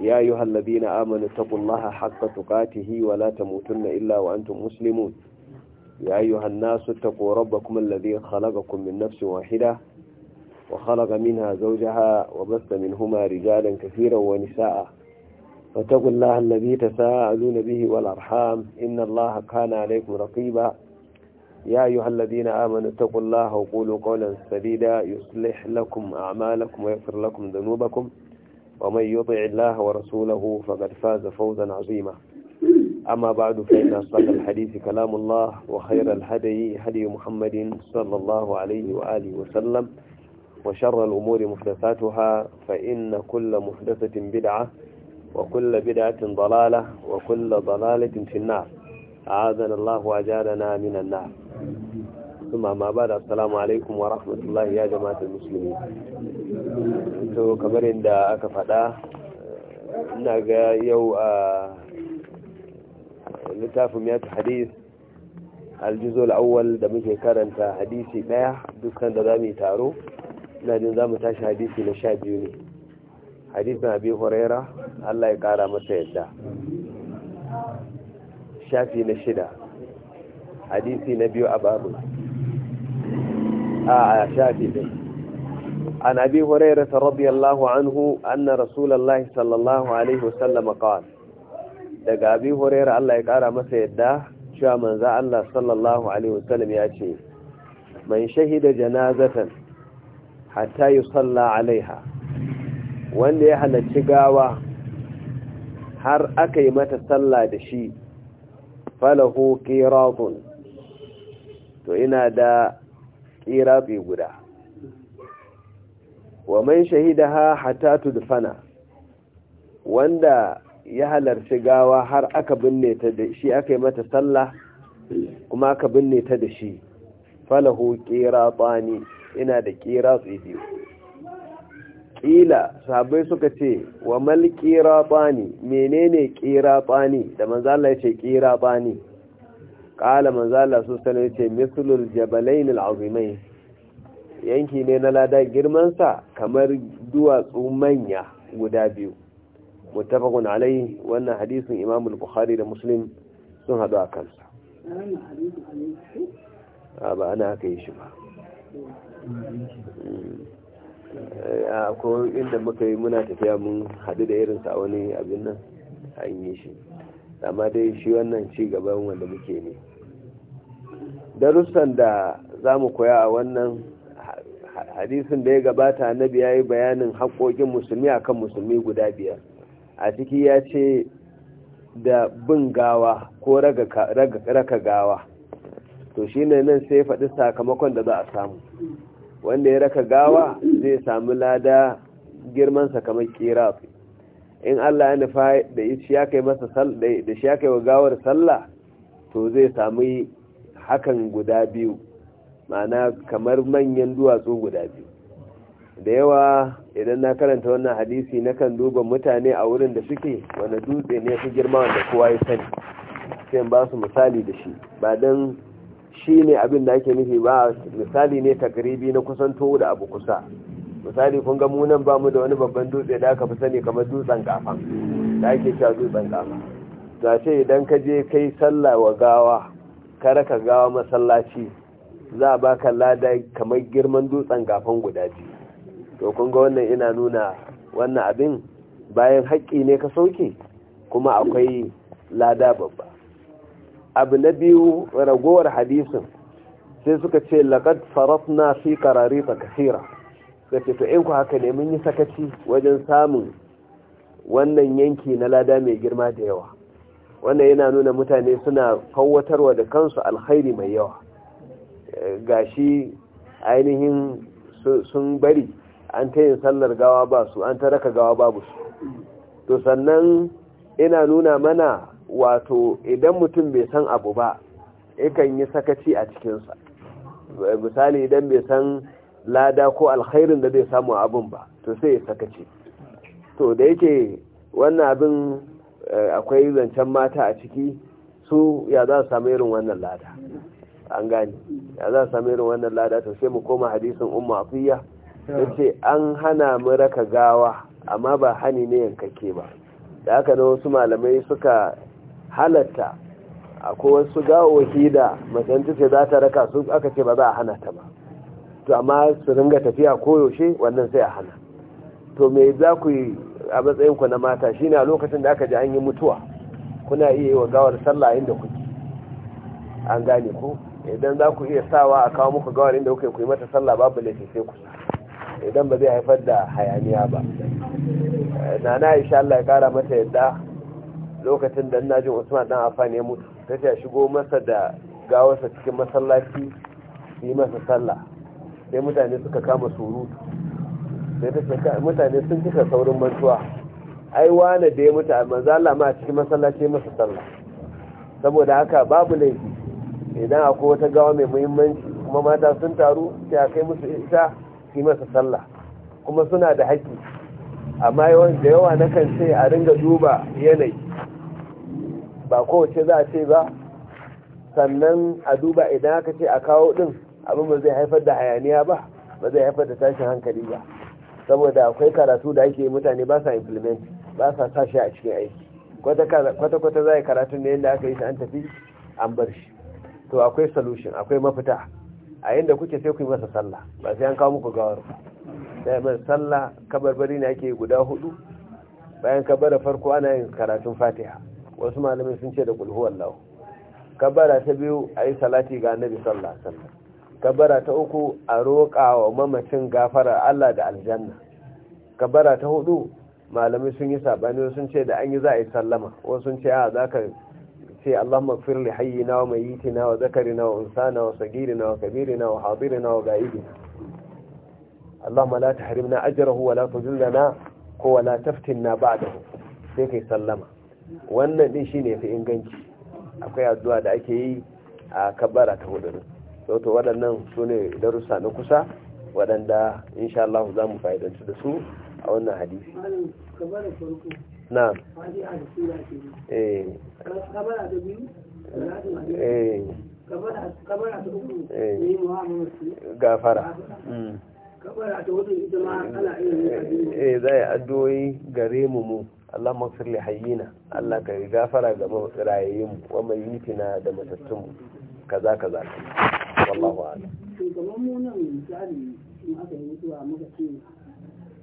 يا أيها الذين آمنوا اتقوا الله حق تقاته ولا تموتن إلا وأنتم مسلمون يا أيها الناس اتقوا ربكم الذي خلقكم من نفس واحدة وخلق منها زوجها وبث منهما رجالا كثيرا ونساء فاتقوا الله الذي تساءلون به والأرحام إن الله كان عليكم رقيبا يا أيها الذين آمنوا اتقوا الله وقولوا قولا سديدا يصلح لكم أعمالكم ويغفر لكم ذنوبكم ومن يطع الله ورسوله فقد فاز فوزا عظيما أما بعد فإن أصدق الحديث كلام الله وخير الهدي هدي محمد صلى الله عليه وآله وسلم وشر الأمور محدثاتها فإن كل محدثة بدعة وكل بدعة ضلالة وكل ضلالة في النار أعاذنا الله وأجالنا من النار ثم ما بعد السلام عليكم ورحمة الله يا جماعة المسلمين to kamar inda aka fada ina ga yau a littafin ya ta hadis aljizol awwal da muke karanta hadisi daya dukkan da za mu yi taro ina jin za mu tashi hadisi na sha biyu ne na abi horaira allah ya kara masa yadda shafi na shida hadisi na biyu a babu a shafi dai. عن أبي هريرة رضي الله عنه أن رسول الله صلى الله عليه وسلم قال دقى أبي هريرة الله يقال ما سيداه شاء من ذا الله صلى الله عليه وسلم يأتي من شهد جنازة حتى يصلى عليها وان يحل الشقاوة har aka yi mata sallah da shi falahu qiratun to ina da qirati guda wa man shahidaha hatta tudfana wanda ya halarci gawa har aka binne ta da shi aka yi mata sallah kuma aka binne ta da shi falahu qiratani ina da yi biyu kila sabai suka ce wa mal qiratani menene qiratani da manzo Allah ya ce qiratani qala manzo Allah sallallahu alaihi wasallam ya ce mislul jabalain yanki ne na lada girman sa kamar duwatsu manya guda biyu muttafaqun alai wannan hadisin imam al-bukhari da muslim sun hadu a kansa a ba ana aka yi shi ba hmm. a ko inda muka yi muna tafiya mun hadu da irinsa a wani abin nan an yi shi amma dai shi wannan ci gaban wanda muke ne darussan da za mu koya a wannan hadisin da ya gabata nabi ya yi bayanin haƙoƙin musulmi akan musulmi guda biyar a ciki ya ce da bin gawa ko raka gawa to shi ne nan sai faɗi sakamakon da za a samu wanda ya raka gawa zai samu lada girman kamar kira in Allah ya nufa da shi ya kai wa gawar sallah to zai samu hakan guda biyu ma'ana kamar manyan duwatsu guda biyu da yawa idan na karanta wannan hadisi na kan duba mutane a wurin da suke wanda dutse ne fi girma wanda kowa ya sani sai ba su misali da shi ba don shi ne abin da ake nufi ba misali ne takribi na kusanto da abu kusa misali kun ga munan ba mu da wani babban dutse da aka fi sani kamar dutsen kafa da ake cewa dutsen kafa ga ce idan ka je kai sallah wa gawa ka raka gawa masallaci za a baka lada kamar girman dutsen gafan guda biyu to kun ga wannan ina nuna wannan abin bayan haƙƙi ne ka sauke kuma akwai lada babba abu na biyu ragowar hadisin sai suka ce laƙad faratna fi karari ta kasira da ce to in ku haka ne mun yi sakaci wajen samun wannan yanki na lada mai girma da yawa wannan yana nuna mutane suna kawatarwa da kansu alkhairi mai yawa gashi ainihin sun bari an ta yin sallar gawa ba su an ta raka gawa babu su to sannan ina nuna mana wato idan mutum bai san abu ba ikan yi sakaci a cikinsa misali idan bai san lada ko alkhairin da zai samu abin ba to sai ya sakaci to da yake wannan abin eh, akwai zancen mata a ciki su ya za su samu irin wannan lada an gane ya za a sami irin wannan lada to sai mu koma hadisin umma afiya yace an hana mu raka gawa amma ba hani ne yankake ba da aka na wasu malamai suka halatta akwai wasu gawoki da masanci ce za ta raka su aka ce ba za a hana ta ba to amma su ringa tafiya koyaushe wannan sai a hana to me za ku yi a matsayin ku na mata shi a lokacin da aka ji an yi mutuwa kuna iya yi wa gawar sallah inda kuke an gane ku idan za ku iya sawa a kawo muku gawarin da kuke yi mata sallah babu laifi sai ku idan ba zai haifar da hayaniya ba eh, na na insha Allah ya kara mata yadda lokacin da jin Usman dan Affan ya mutu tace a shigo masa da gawarsa cikin masallaci yi masa sallah sai mutane suka kama surutu sai ta mutane sun cika saurin mantuwa ai wane da ya mutu a manzala ma a cikin masallaci masa sallah saboda haka babu laifi idan akwai wata gawa mai muhimmanci kuma mata sun taru sai a kai musu ita su masa sallah kuma suna da haƙƙi amma yawan da yawa na kan ce a ringa duba yanayi ba kowace za a ce ba sannan a duba idan aka ce a kawo ɗin abin ba zai haifar da hayaniya ba ba zai haifar da tashin hankali ba saboda akwai karatu da ake mutane ba sa implement ba sa sashi a cikin aiki kwata-kwata za a yi karatun ne yadda aka yi ta an tafi an bar shi to akwai solution akwai mafita a yadda kuke sai ku yi masa sallah ba sai an kawo muku gawar da ya mai sallah kabarbari ne ake guda hudu bayan kabara farko ana yin karatun fatiha wasu malamai sun ce da kulhu wallahu kabara ta biyu a yi salati ga annabi sallah sallah kabara ta uku a roƙa wa mamacin gafara allah da aljanna kabara ta hudu malamai sun yi sabani sun ce da an yi za a yi sallama wasu sun ce a za ka ce Allahumma ighfir li hayyina wa mayyitina wa zakarina wa unsana wa sagirina wa kabirina wa hadirina wa ga'ibina Allahumma la tahrimna ajrahu wa la tuzillana ko wa la taftinna ba'dahu sai kai sallama wannan din shine fi inganci akwai addu'a da ake yi a kabbara ta hudu to to waɗannan sune darussa na kusa waɗanda insha Allah za mu fa'idantu da su a wannan hadisi na eh. eh eh gafara hmm. eh gare mu mu Allah li hayyina Allah ka gafara ga rayayyun mu wa mai da matattun mu kaza kaza wallahu a'lam mu nan misali in aka yi mutuwa muka ce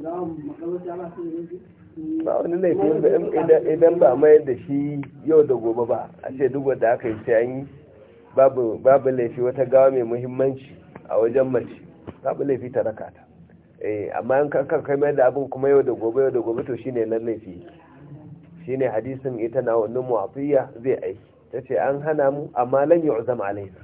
ba wani laifi idan ba mayar da shi yau da gobe ba a ce duk wadda aka yi sai an yi babu laifi wata gawa mai muhimmanci a wajen mace babu laifi ta raka ta eh, amma yan kankan kai mayar da abin kuma yau da gobe yau da gobe to shine nan laifi shi ne hadisin ita na wani mu'afiyya zai aiki ta ce an hana mu amma lan yi uzam alaina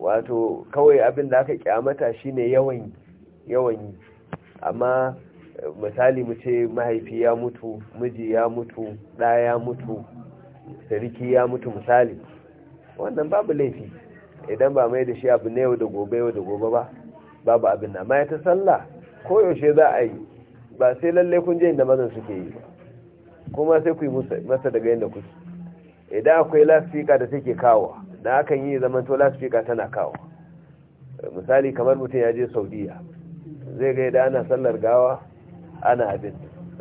wato kawai abin da aka kyamata shine yawan yi amma misali mu ce mahaifi ya mutu miji ya mutu ɗa ya mutu sarki ya mutu misali wannan babu laifi idan ba mai da shi abu ne yau da gobe yau da gobe ba babu abin na ma ta sallah ko yaushe za a yi ba sai lallai kun je inda mazan suke yi kuma sai ku yi masa daga yadda kuke idan akwai lasifika da take kawo da akan yi zaman to lasfika tana kawo misali kamar mutum ya je saudiya zai ga idan ana sallar gawa ana abin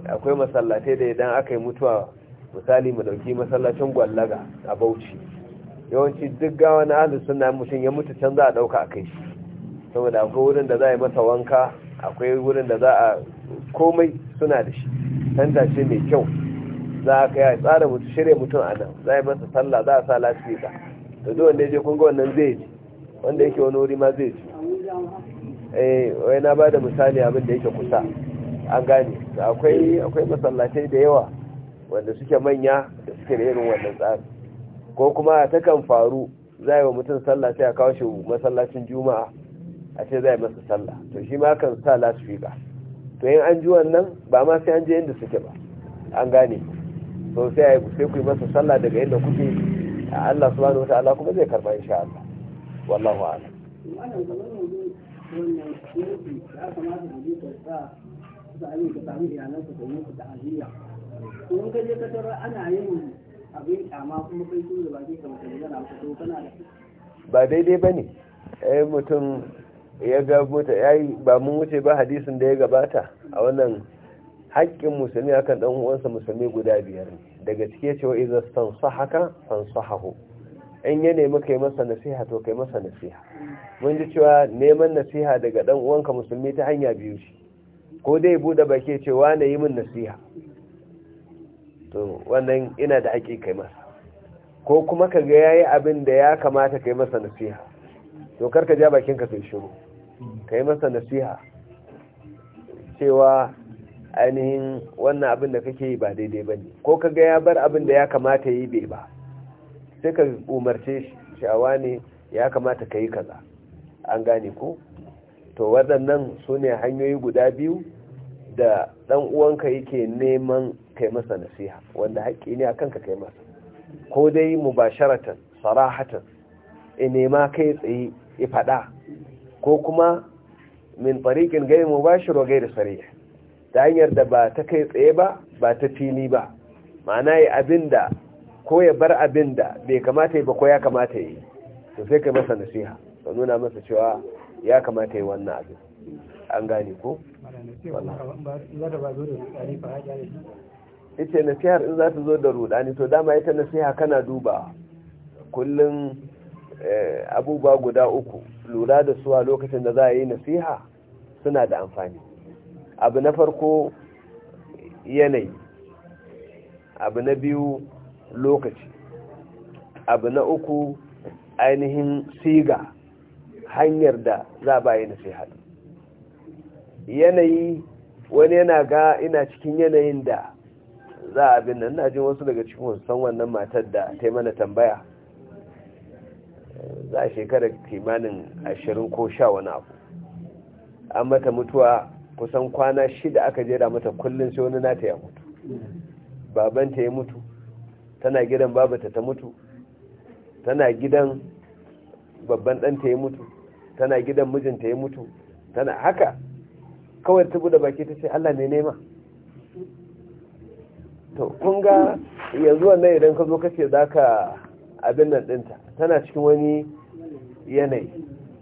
akwai masallatai da idan aka yi mutuwa misali mu dauki masallacin gwallaga a bauchi yawanci duk ga wani ahli sunna mutum ya mutu can za a dauka a kai shi saboda akwai wurin da za a yi masa wanka akwai wurin da za a komai suna da shi canza ce mai kyau za a kai a tsara mutu shirya mutum a nan za a yi masa sallah za a sa lafiya da duk wanda ya je kunga wannan zai ji wanda yake wani wuri ma zai ji eh wai na ba da misali abin da yake kusa an gane akwai akwai masallatai da yawa wanda suke manya da suke da irin wannan tsari ko kuma ta kan faru za yi wa mutum sallah sai a kawo shi masallacin juma'a a ce za yi masa sallah to shi ma kan sa lasfika to yin an ji wannan ba ma sai an je inda suke ba an gane to sai sai ku yi masa sallah daga inda kuke Allah subhanahu wataala kuma zai karba insha Allah wallahu a'lam wannan kamar yanzu wannan yanki ya kamata da ka je ka tara ana yin abin kyama kuma kai ba kamata kana da ba daidai ba ne ai mutum ya ga mota ya ba mun wuce ba hadisin da ya gabata a wannan haƙƙin musulmi akan ɗan uwansa musulmi guda biyar ne daga cike cewa iza sansa haka sansa haho in ya nemi kai masa nasiha to kai masa nasiha mun ji cewa neman nasiha daga ɗan uwanka musulmi ta hanya biyu shi ko dai buɗe baki ce wane yi min nasiha to wannan ina da haƙi kai masa ko kuma ka ga yayi abin da ya kamata kai masa nasiha to kar ka ja bakin ka sai shiru kai masa nasiha cewa ainihin wannan abin da kake yi ba daidai bane ko ka ga ya bar abin da ya kamata yi bai ba sai ka umarce shi cewa ne ya kamata kai kaza an gane ko to waɗannan su ne hanyoyi guda biyu da ɗan uwanka yake neman kai masa nasiha wanda haƙƙi ne akan ka kai masa ko dai mu ba sharatan sarahatan e nema kai tsaye ya faɗa ko kuma min mu ba shi rogai da sare? ta hanyar da ba ta kai tsaye ba ba ta fili ba ma'ana yi abinda ko ya bar abin da bai kamata yi ba ko ya kamata yi to sai kai masa nasiha ka nuna masa cewa ya kamata yi wannan abin an gane ko ita nasihar in za ta zo da rudani to dama ita nasiha kana duba kullum eh, abubuwa guda uku lura da suwa lokacin da za a yi nasiha suna da amfani abu na farko yanayi abu na biyu lokaci abu na uku ainihin siga hanyar da za ba yi nasiha yanayi wani yana ga ina cikin yanayin da za a bin nan najin wasu daga cikin san wannan matar da ta mana tambaya za a shekara kimanin ashirin ko sha wani abu an mata mutuwa kusan kwana shida aka jera mata kullum sai wani nata ya mutu babanta ya mutu tana gidan babata ta mutu tana gidan babban ɗanta ya mutu tana gidan mijinta ya mutu tana haka kawai ta bude baki ta ce Allah ne nema to kun ga yanzu wannan idan ka zo kace zaka abin nan dinta tana cikin wani yanayi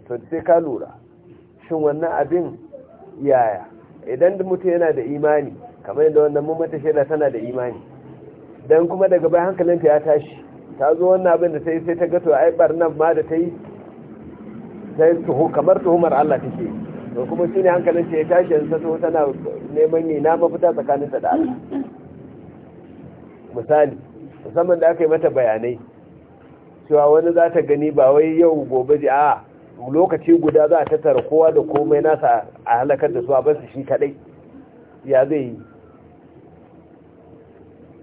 to sai ka lura shin wannan abin yaya idan mutum yana da imani kamar yadda wannan mata shaida tana da imani dan kuma daga bayan hankalinta ya tashi ta zo wannan abin da ta yi sai ta gato ai barnan ma da ta yi sai tuhu kamar tuhumar Allah take to kuma shine hankalin shi ya tashi yanzu to tana neman ne na mafita tsakanin ta da Allah misali musamman da aka yi mata bayanai cewa wani za ta gani ba wai yau gobe ji a lokaci guda za a tattara kowa da komai nasa a halakar da su a basu shi kadai ya zai yi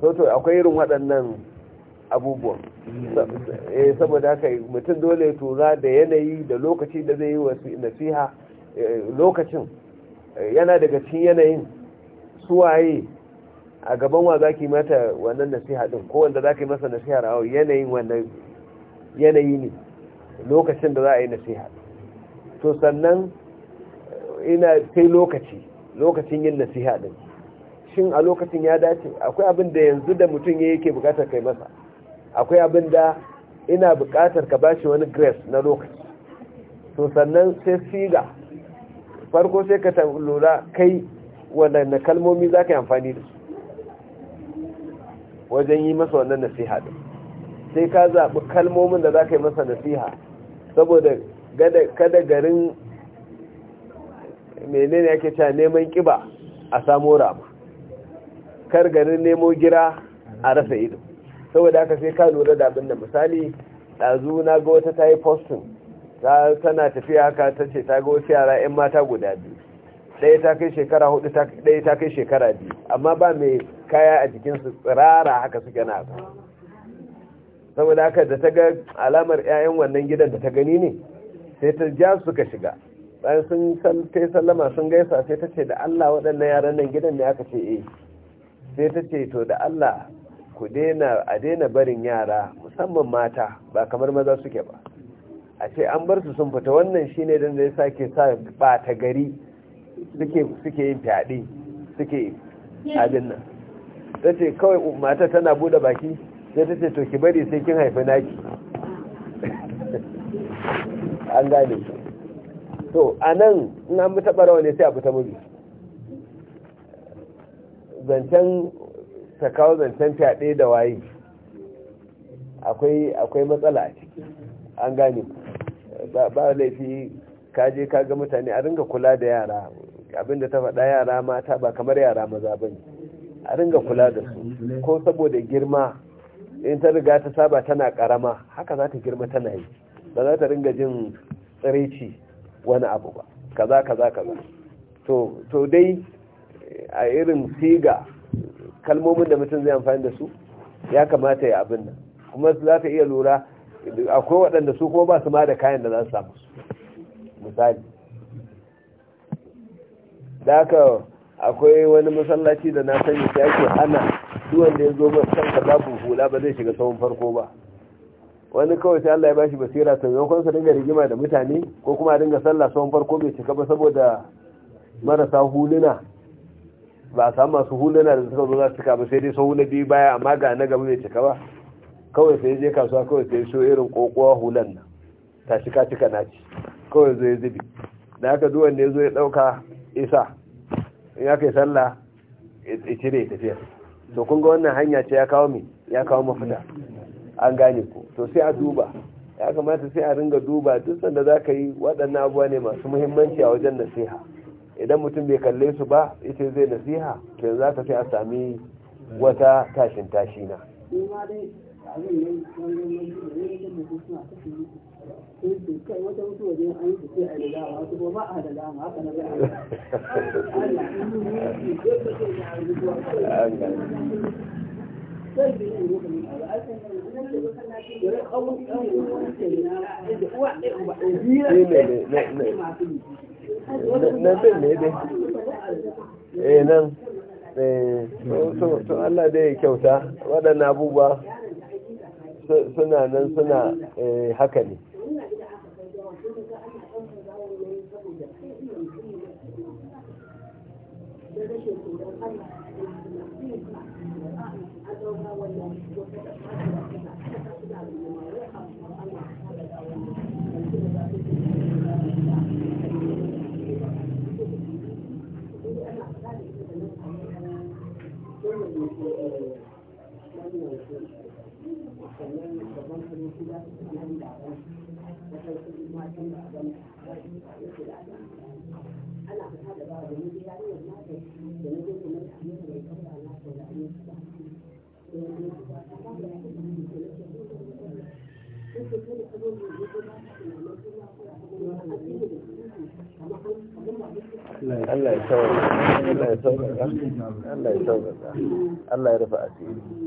to akwai irin waɗannan abubuwan eh, saboda haka mutum dole ya tura da yanayi da lokaci da zai yi wa nasiha eh, lokacin eh, yana daga cikin yanayin suwaye a gaban wa zaki mata wannan nasiha din ko wanda zaki masa nasiha rawo yanayin wannan yanayi ne lokacin da za a yi nasiha to sannan ina sai lokaci lokacin yin nasiha din shin a lokacin ya dace akwai abin da yanzu da mutum ya yake bukatar kai masa akwai abin da ina bukatar ka bashi wani grace na lokaci to sannan sai siga farko sai ka lura kai wadanda kalmomi za ka yi amfani da su wajen yi masa wannan nasiha da sai ka zaɓi kalmomin da za ka yi masa nasiha saboda kada garin menene yake cewa neman kiba a samo rama kar garin nemo gira a rasa ido saboda haka sai ka lura da abin da misali ɗazu na ga wata ta yi postin tana tafiya haka ta ce ta ga wasu yara 'yan mata guda biyu ɗaya ta kai shekara hudu ɗaya ta kai shekara biyu amma ba mai kaya a jikinsu tsirara haka suke na ba saboda haka da ta ga alamar 'ya'yan wannan gidan da ta gani ne sai ta ja suka shiga bayan sun kai sallama sun gaisa sai ta ce da allah waɗannan yaran nan gidan ne aka ce eh sai ta ce to da allah ku daina a daina barin yara musamman mata ba kamar maza suke ba a ce an bar su sun fita wannan shine dan zai sake sa bata gari suke yin fyaɗe suke abin nan ta ce kawai mata tana bude baki sai ta ce to ki bari sai kin haifi naki an gane to a nan in an bi taɓa rawa ne sai a bi ta mubi zancen ta kawo zancen fyaɗe da waye akwai matsala a ciki an gane ba laifi ka kaga mutane a ringa kula da yara abinda ta faɗa yara mata ba kamar yara maza ba ne a ringa kula da su ko saboda girma in ta riga ta saba tana karama haka za ta girma tana yi ba za ta ringa jin tsiraici wani abu ba kaza kaza kaza to dai a irin siga kalmomin da mutum zai amfani da su ya kamata ya abin nan kuma za ka iya lura akwai waɗanda su kuma ba su ma da kayan da za su samu misali da haka akwai wani masallaci da na sanya ta yake hana duwan da ya zo ba san ka babu hula ba zai shiga tsawon farko ba wani kawai sai Allah ya bashi basira to yankon sa dinga rigima da mutane ko kuma dinga sallah tsawon farko bai cika ba saboda marasa huluna ba a samu masu huluna da suka zo za su cika ba sai dai sau na biyu baya amma ga na gaba bai cika ba kawai sai je kasuwa kawai sai so irin kokowa hulan nan ta cika cika na ci kawai zo ya zubi da haka duwan ne zo ya dauka isa in ya kai sallah ya cire tafiya to kun ga wannan hanya ce ya kawo mi ya kawo mafita an gane ku to sai a duba ya kamata sai a ringa duba duk sanda za ka yi waɗannan abuwa ne masu muhimmanci a wajen nasiha idan mutum bai kalle su ba ita zai nasiha to za ta fi a sami wata tashin tashina ne nan din ne dai eh, nan eh, to Allah dai ya kyauta waɗannan abubuwa suna nan suna eh, haka ne Thank you. sannan gaban ka ta ya ta ya ta ya ya Allah ya sauƙaƙa, Allah ya Allah ya rufe asiri.